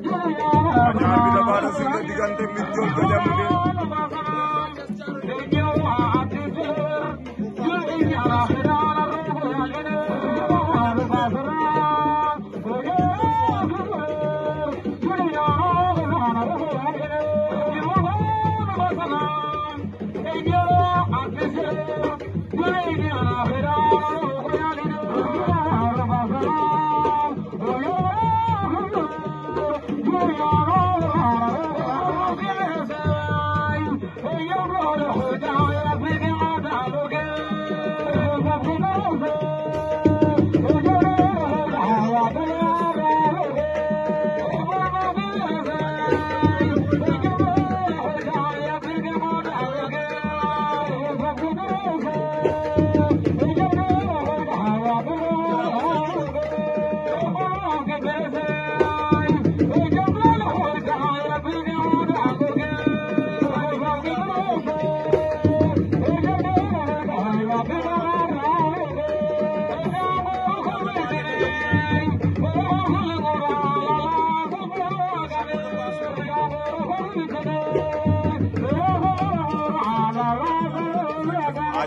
ñaar bi da baara si nga diggante mi jol ko jamono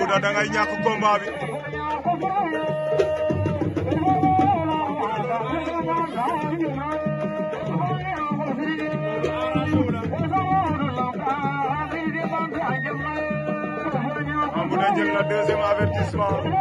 Ngouda da ngay ñàkk combat bi Ngouda jël na deuxième avertissement Ngouda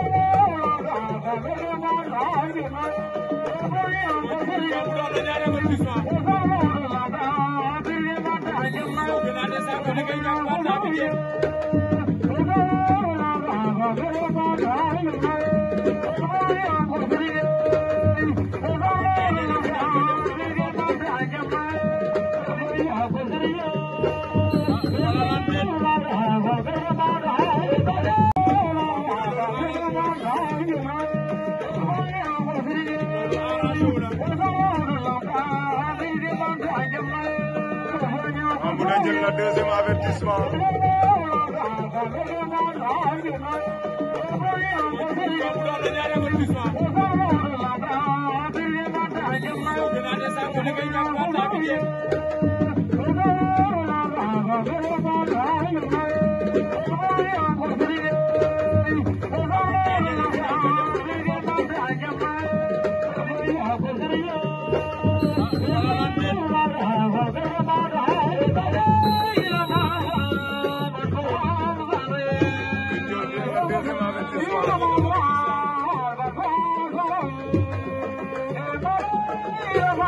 bu ne jël na deuxième avertissement Thank you. हा हा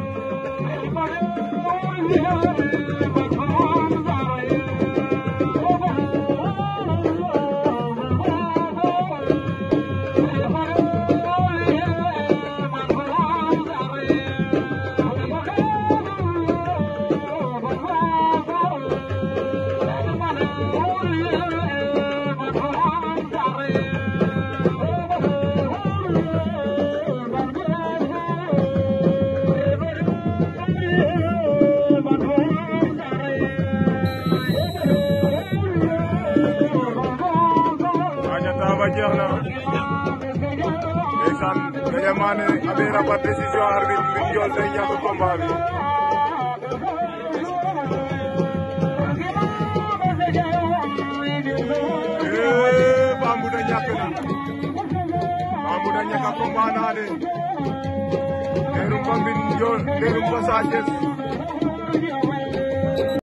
ndeysaan Gadia Mané amee na par décision arbitre bi njool day ñàkk combat bi ee eh, Bambouda ñàkk na Bambouda ñàkk combat naa de teerum ba mbin njool teerum ba Sa Thiès